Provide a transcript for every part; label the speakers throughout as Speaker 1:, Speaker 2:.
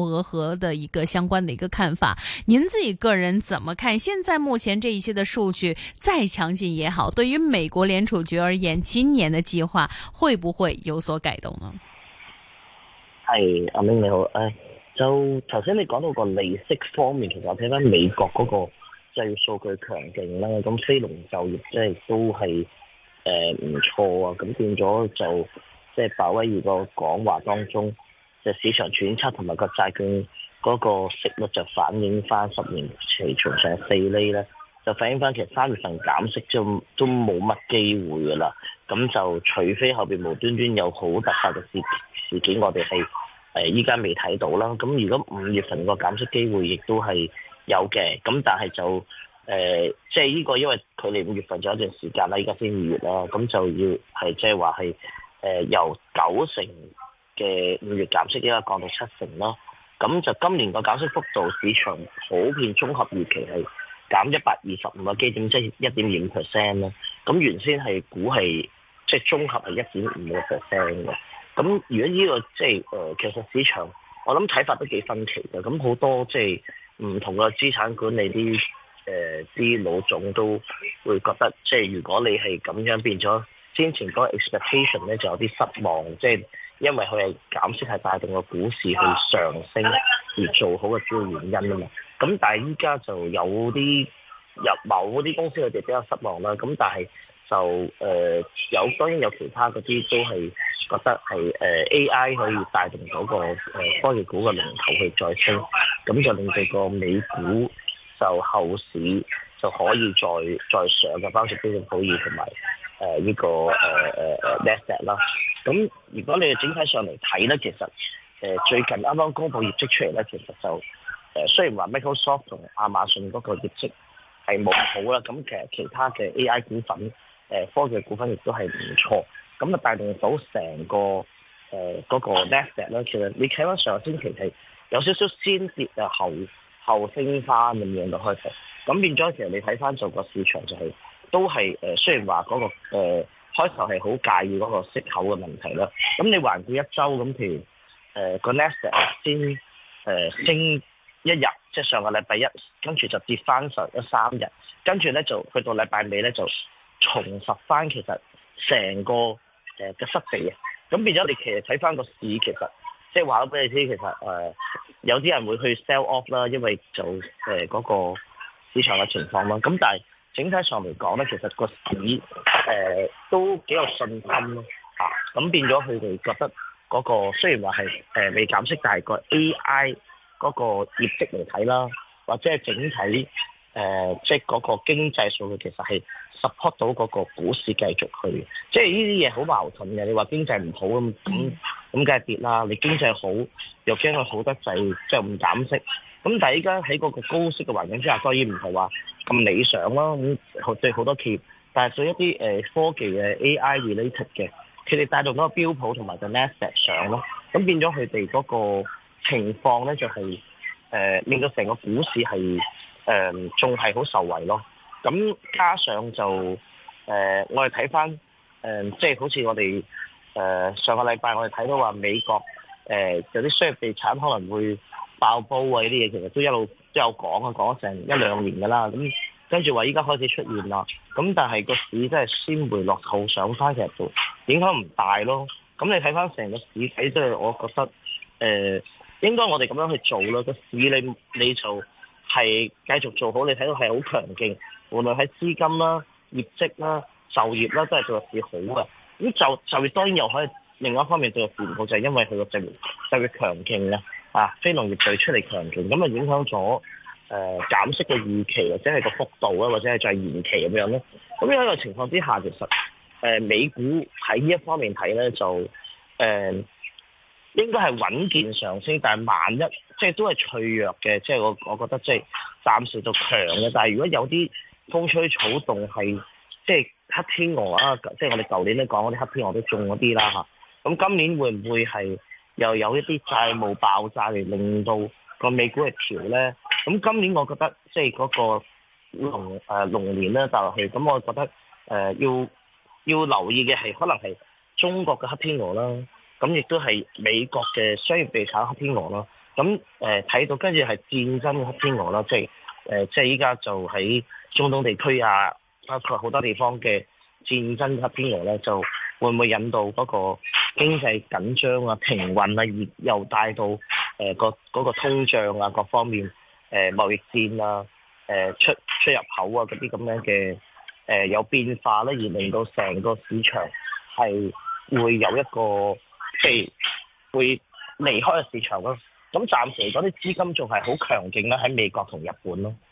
Speaker 1: 俄和的一個相關的一個看法，您自己個人怎麼看？現在目前這一些的數據再強勁也好，對於美國聯儲局而言，今年的計劃會不會有所改動呢？
Speaker 2: 係，阿明你好，誒、哎，就頭先你講到個利息方面，其實我睇翻，美國嗰個就業數據強勁啦，咁非農就業即係都係誒唔錯啊，咁變咗就即係鮑威爾個講話當中。就市場轉差同埋個債券嗰個息率就反映翻十年期長上四厘咧，就反映翻其實三月份減息就都冇乜機會噶啦，咁就除非後邊無端端有好突發嘅事事件，我哋係誒依家未睇到啦。咁如果五月份個減息機會亦都係有嘅，咁但係就誒即係呢個因為距離五月份仲有段時間啦，依家先二月啦，咁就要係即係話係誒由九成嘅五月減息依家降到七成咯，咁就今年個減息幅度市場普遍綜合預期係減一百二十五個基點，即係一點五 percent 啦。咁原先係估係即係綜合係一點五個 percent 嘅。咁如果呢個即係誒，其實市場我諗睇法都幾分歧嘅。咁好多即係唔同嘅資產管理啲誒啲老總都會覺得，即係如果你係咁樣變咗，先前嗰 expectation 咧就有啲失望，即係。因為佢係減息係帶動個股市去上升而做好嘅主要原因啊嘛，咁但係依家就有啲有某啲公司佢哋比較失望啦，咁但係就誒有當然有其他嗰啲都係覺得係誒、呃、AI 可以帶動到、嗰個誒、呃、科技股嘅龍頭去再升，咁就令到個美股就後市就可以再再上嘅，包括標準普爾同埋誒呢個誒誒誒 Nasdaq 啦。呃咁如果你係整體上嚟睇咧，其實、呃、最近啱啱公佈業績出嚟咧，其實就誒、呃、雖然話 Microsoft 同亞馬遜嗰個業績係冇好啦，咁其實其他嘅 AI 股份、呃、科技股份亦都係唔錯，咁啊帶動到成個誒嗰、呃那個 Nasdaq 咧，其實你睇翻上個星期係有少少先跌啊後後升翻咁樣嘅開頭，咁變咗其實你睇翻做個市場就係、是、都係誒、呃，雖然話嗰、那個、呃開頭係好介意嗰個息口嘅問題咯，咁你環顧一周，咁譬如誒個納斯達克先誒、呃、升一日，即、就、係、是、上個禮拜一，跟住就跌翻上咗三日，跟住咧就去到禮拜尾咧就重拾翻其實整個、呃、的成個誒嘅失地啊，咁變咗你其實睇翻個市，其實即係話咗俾你知，其實誒、呃、有啲人會去 sell off 啦，因為就誒嗰、呃那個市場嘅情況啦，咁但係，整體上嚟講咧，其實個市誒、呃、都幾有信心咯，嚇、啊、咁變咗佢哋覺得嗰、嗰個雖然話係誒未減息，但係個 AI 嗰個業績嚟睇啦，或者係整體誒即係嗰個經濟數據其實係 support 到嗰個股市繼續去，即係呢啲嘢好矛盾嘅。你話經濟唔好，咁咁咁梗係跌啦，你經濟好又驚佢好得滯即係唔減息，咁、即係、但係依家喺嗰個高息嘅環境之下，當然唔係話。咁理想咯，咁對好多企業，但係對一啲、呃、科技嘅 AI related 嘅，佢哋帶動嗰個標普同埋個納斯達上咯，咁變咗佢哋嗰個情況咧就係、是、誒、呃，令到成個股市係誒仲係好受惠咯。咁加上就誒、呃，我哋睇翻誒即係好似我哋誒、呃、上個禮拜我哋睇到話美國誒有啲商業地產可能會爆煲啊呢啲嘢，其實都一路。都有講啊，講咗成一兩年噶啦，咁跟住話依家開始出現啦，咁但係個市真係先回落後上翻，其實做影響唔大咯。咁你睇翻成個市睇，即係我覺得誒、呃，應該我哋咁樣去做咯。個市你你就係繼續做好，你睇到係好強勁，無論喺資金啦、業績啦、就業啦，都係做市好嘅。咁就就業當然又可以另一方面做市唔好，就係、是、因為佢個就業強勁咧。啊！非農業兌出嚟強勁，咁啊影響咗誒減息嘅預期，或者係個幅度啊，或者係再延期咁樣咧。咁喺一個情況之下，其實誒、呃、美股喺呢一方面睇咧，就誒、呃、應該係穩健上升，但係萬一即係、就是、都係脆弱嘅，即係我我覺得即係暫時就強嘅。但係如果有啲風吹草動，係即係黑天鵝啊，即、就、係、是、我哋舊年都講嗰啲黑天鵝都中嗰啲啦吓。咁、啊、今年會唔會係？又有一啲債務爆炸嚟，令到個美股係調咧。咁今年我覺得即係嗰個龍，誒龍年咧隔落去，咁我覺得誒、呃、要要留意嘅係可能係中國嘅黑天鵝啦，咁亦都係美國嘅商業地產黑天鵝啦，咁誒睇到跟住係戰爭嘅黑天鵝啦，即係誒即係依家就喺、是呃就是、中東地區啊，包括好多地方嘅戰爭嘅黑天鵝咧就。會唔會引到嗰個經濟緊張啊、平穩啊，而又帶到誒個嗰個通脹啊、各方面誒貿、呃、易線啊、呃、出出入口啊嗰啲咁樣嘅、呃、有變化咧、啊，而令到成個市場係會有一個即係會離開嘅市場咯、啊？咁暫時嗰啲資金仲係好強勁咧，喺美國同日本咯、啊。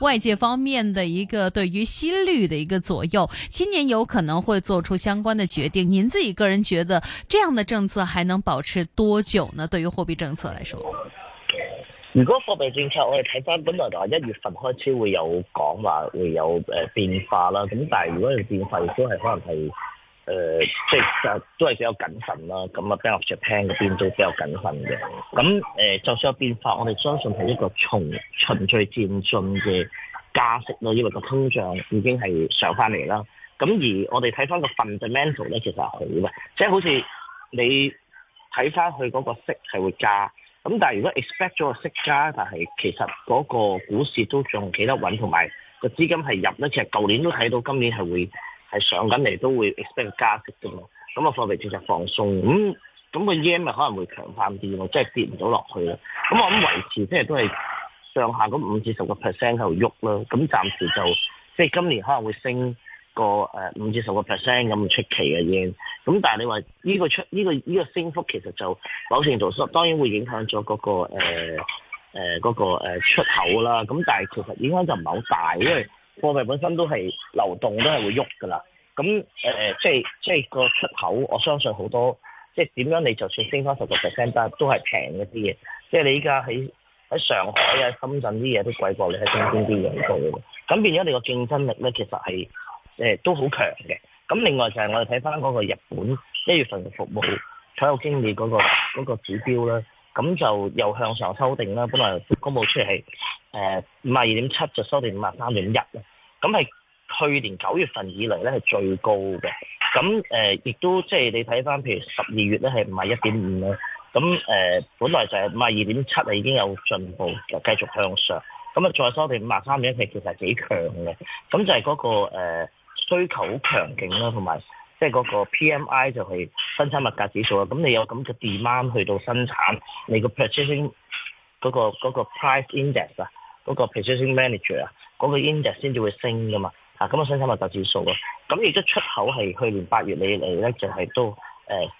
Speaker 1: 外界方面的一個對於息率的一個左右，今年有可能會做出相關的決定。您自己個人覺得，這樣的政策還能保持多久呢？對於貨幣政策來說，
Speaker 2: 如果貨幣政策我哋睇翻本來就一月份開始會有講話，會有誒、呃、變化啦。咁但係如果有變化，亦都係可能係。誒、呃，即係都係比較謹慎啦。咁啊 Bank of Japan 嗰邊都比較謹慎嘅。咁誒、呃，就算有變化，我哋相信係一個從循序漸進嘅加息咯。因為個通脹已經係上翻嚟啦。咁而我哋睇翻個 fundamental 咧，其實係、就是、好嘅，即係好似你睇翻佢嗰個息係會加。咁但係如果 expect 咗個息加，但係其實嗰個股市都仲企得穩，同埋個資金係入咧，其實舊年都睇到今年係會。係上緊嚟都會 expect 加息嘅嘛，咁個貨幣政策放鬆，咁咁、嗰個 yen 咪可能會強返啲咯，即係跌唔到落去那是是下啦。咁我諗維持即係都係上下嗰五至十個 percent 喺度喐啦。咁暫時就即係今年可能會升個誒五至十個 percent 咁出奇嘅 yen。咁但係你話呢個出呢、呢個呢、呢個呢個升幅其實就某程度當然會影響咗嗰、嗰個誒誒嗰出口啦。咁但係其實影響就唔係好大，因為貨幣本身都係流動，都係會喐噶啦。咁誒、呃，即係即係個出口，我相信好多，即係點樣你就算升翻十六 percent，但係都係平一啲嘅。即係你依家喺喺上海啊、深圳啲嘢都貴過你喺東京啲嘢好多，咁變咗你個競爭力咧，其實係誒、呃、都好強嘅。咁另外就係我哋睇翻嗰個日本一月份嘅服務採購經理嗰、那個嗰、那個指標啦，咁就又向上修訂啦。本來公佈出嚟係誒五啊二點七，呃、就修訂五啊三點一。咁係去年九月份以嚟咧係最高嘅，咁誒亦都即係你睇翻，譬如十二月咧係五啊一點五咧，咁誒、呃、本來就係五啊二點七啊，已經有進步就繼續向上，咁啊再收跌五啊三點，其實其實幾強嘅，咁就係嗰、嗰個需、呃、求好強勁啦，同埋即係嗰個 P M I 就係生產物價指數啦，咁你有咁嘅 demand 去到生產，你 pursing、嗰個 purchasing 嗰、嗰個 price index 啊，嗰個 purchasing manager 啊。嗰、那個 index 先至會升噶嘛，啊咁啊，新產品就指數咯，咁亦都出口係去年八月以嚟咧，就係、是、都誒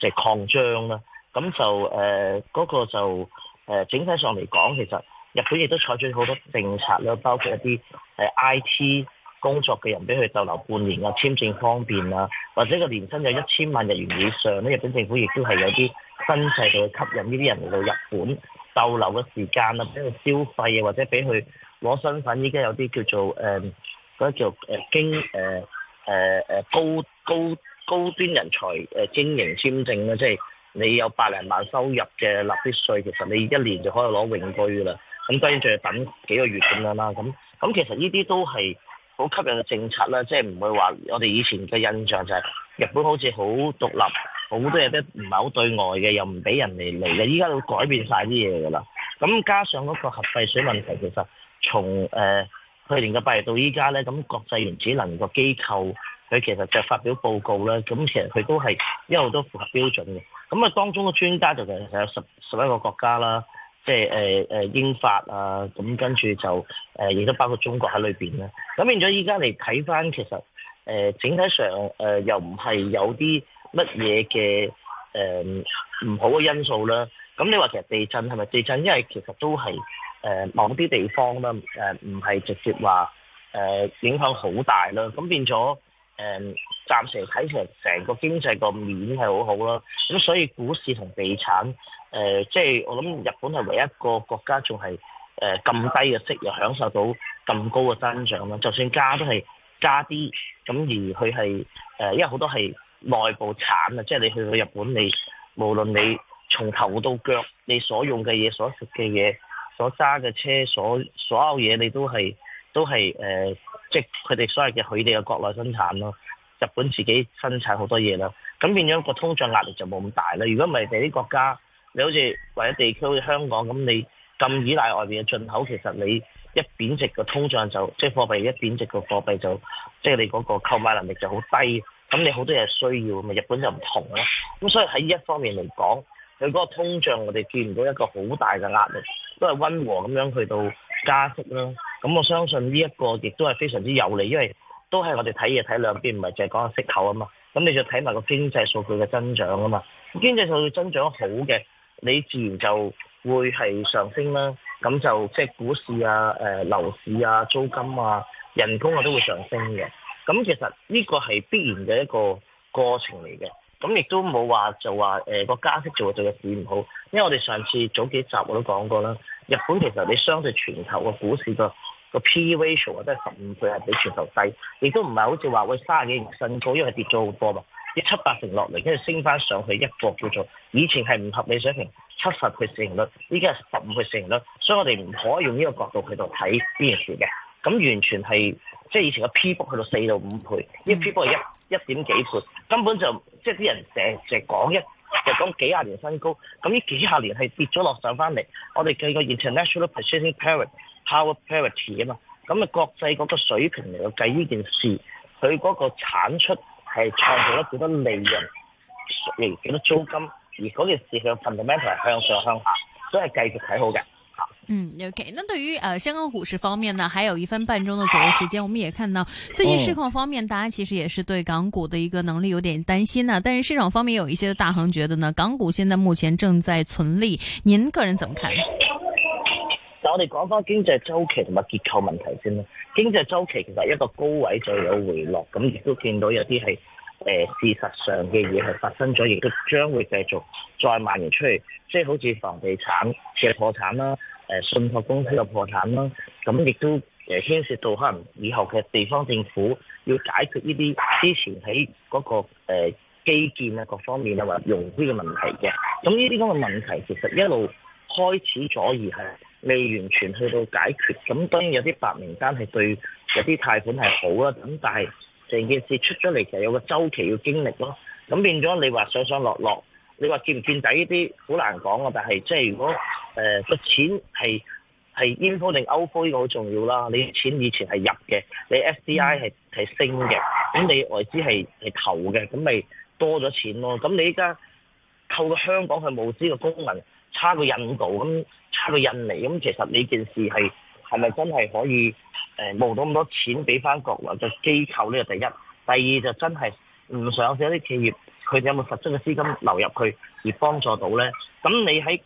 Speaker 2: 即係擴張啦，咁就誒嗰、呃那個就誒、呃、整體上嚟講，其實日本亦都採取好多政策啦，包括一啲誒、呃、IT 工作嘅人俾佢逗留半年啊，簽證方便啊，或者個年薪有一千萬日元以上咧，日本政府亦都係有啲新制度去吸引呢啲人嚟到日本逗留嘅時間啊，俾佢消費啊，或者俾佢。攞身份依家有啲叫做誒嗰啲叫做誒經誒，誒、呃呃，高高高端人才誒、呃、經營簽證啦，即係你有百零萬收入嘅納啲稅，其實你一年就可以攞永居噶啦。咁當然仲要等幾個月咁樣啦。咁咁其實呢啲都係好吸引嘅政策啦，即係唔會話我哋以前嘅印象就係日本好似好獨立，好多嘢都唔係好對外嘅，又唔俾人哋嚟嘅。依家會改變晒啲嘢噶啦。咁加上嗰個核廢水問題，其實～從誒去年嘅八月到依家咧，咁國際原子能個機構佢其實就發表報告啦。咁其實佢都係一路都符合標準嘅。咁啊，當中嘅專家就其實有十十一個國家啦，即係誒誒英法啊，咁跟住就誒亦都包括中國喺裏邊咧。咁變咗依家你睇翻，其實誒整體上誒又唔係有啲乜嘢嘅誒唔好嘅因素啦。咁你話其實地震係咪地震？因為其實都係。誒某啲地方啦，誒唔係直接話誒影響好大啦，咁變咗誒暫時睇成成個經濟個面係好好咯，咁所以股市同地產誒，即係我諗日本係唯一一個國家仲係誒咁低嘅息又享受到咁高嘅增長啦，就算加都係加啲，咁而佢係誒，因為好多係內部產啊，即係你去到日本，你無論你從頭到腳，你所用嘅嘢，所食嘅嘢。所揸嘅車，所所有嘢你都係都係誒、呃，即係佢哋所謂嘅佢哋嘅國內生產咯。日本自己生產好多嘢啦，咁變咗個通脹壓力就冇咁大啦。如果唔係，第啲國家你好似或者地區好似香港咁，咁你咁依賴外邊嘅進口，其實你一貶值個通脹就，即係貨幣一貶值個貨幣就，即係你嗰個購買能力就好低。咁你好多嘢需要，咪日本就唔同咯。咁所以喺呢一方面嚟講，佢、那、嗰個通脹我哋見唔到一個好大嘅壓力。都係溫和咁樣去到加息啦，咁我相信呢一個亦都係非常之有利，因為都係我哋睇嘢睇兩邊，唔係淨係講下息口啊嘛。咁你就睇埋個經濟數據嘅增長啊嘛。經濟數據增長好嘅，你自然就會係上升啦。咁就即係、就是、股市啊、誒、呃、樓市啊、租金啊、人工啊都會上升嘅。咁其實呢個係必然嘅一個過程嚟嘅。咁亦都冇話就話個、呃、加息做做嘅事市唔好，因為我哋上次早幾集我都講過啦。日本其實你相對全球嘅股市個個 P ratio 啊，都係十五倍係比全球低，亦都唔係好似話喂卅幾年新高，因為跌咗好多嘛，一七八成落嚟，跟住升返上去一個叫做以前係唔合理水平七十倍市盈率，依家係十五倍市盈率，所以我哋唔可以用呢個角度去度睇呢件事嘅，咁完全係。即係以前嘅 P book 去到四到五倍，依、mm. P book 係一一點幾倍，根本就即係啲人成日成日講一，就講幾廿年新高，咁呢幾廿年係跌咗落上翻嚟，我哋計個 international purchasing parity power parity 啊嘛，咁啊國際嗰個水平嚟去計呢件事，佢嗰個產出係創造咗幾多利潤，釐幾多租金，而嗰件事向 fundamental 係向上向下，都係繼續睇好嘅。
Speaker 1: 嗯，OK，那對於誒香港股市方面呢，還有一分半鐘的左右時間，我們也看到最近市況方面，嗯，大家其實也是對港股的一個能力有點擔心呢啊。但是市場方面有一些大行覺得呢，港股現在目前正在存利。您個人怎麼看？
Speaker 2: 我哋講講經濟週期同埋結構問題先啦。經濟週期其實一個高位再有回落，咁亦都見到有啲係、呃、事實上嘅嘢係發生咗，亦都將會繼續再蔓延出去，即係好似房地產嘅破產啦、啊。誒信託公司嘅破產啦，咁亦都誒牽涉到可能以後嘅地方政府要解決呢啲之前喺嗰個誒基建啊各方面啊或融資嘅問題嘅，咁呢啲咁嘅問題其實一路開始咗而係未完全去到解決，咁當然有啲白名單係對有啲貸款係好啦，咁但係成件事出咗嚟其實有個週期要經歷咯，咁變咗你話上上落落。你話見唔見底呢啲好難講啊！但係即係如果誒、呃、個錢係係 inflow 定 outflow 呢個好重要啦。你錢以前係入嘅，你 FDI 係係升嘅，咁你外資係係投嘅，咁咪多咗錢咯。咁你依家靠個香港去，募資嘅功能，差個印度咁，差個印尼咁，其實你件事係係咪真係可以誒募、呃、到咁多錢俾翻國內嘅機構咧？呢個、第一，第二就真係唔想死啲企業。佢哋有冇實質嘅資金流入去而幫助到咧？咁你喺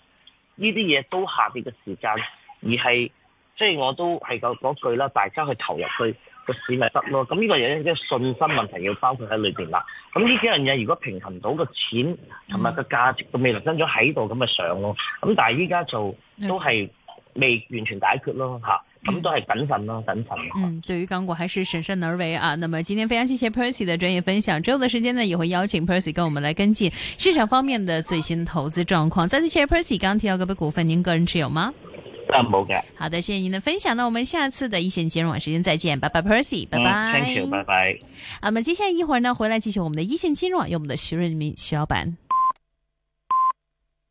Speaker 2: 呢啲嘢都下跌嘅時間，而係即係我都係個嗰句啦，大家去投入去個市咪得咯。咁呢個嘢即係信心問題要包括喺裏邊啦。咁呢幾樣嘢如果平衡到個錢同埋個價值個未能跟咗喺度咁咪上咯。咁但係依家就都係未完全解決咯，嚇。咁、
Speaker 1: 嗯、都嗯，對於港股還是審慎而為啊。那麼今天非常謝謝 Percy 的專業分享。之後的時間呢，也會邀請 Percy 跟我們來跟進市場方面的最新投資狀況。再次謝謝 Percy 剛提到嗰個股份，您個人持有嗎？啊，冇嘅。好的，謝謝您的分享。那我們下次的一線金融網時間再見，拜拜 Percy 拜拜。嗯、Thank you，拜拜。那、啊、麼接下來一會兒呢，回來繼續我們的一線金融網，有我們的徐瑞明徐老闆。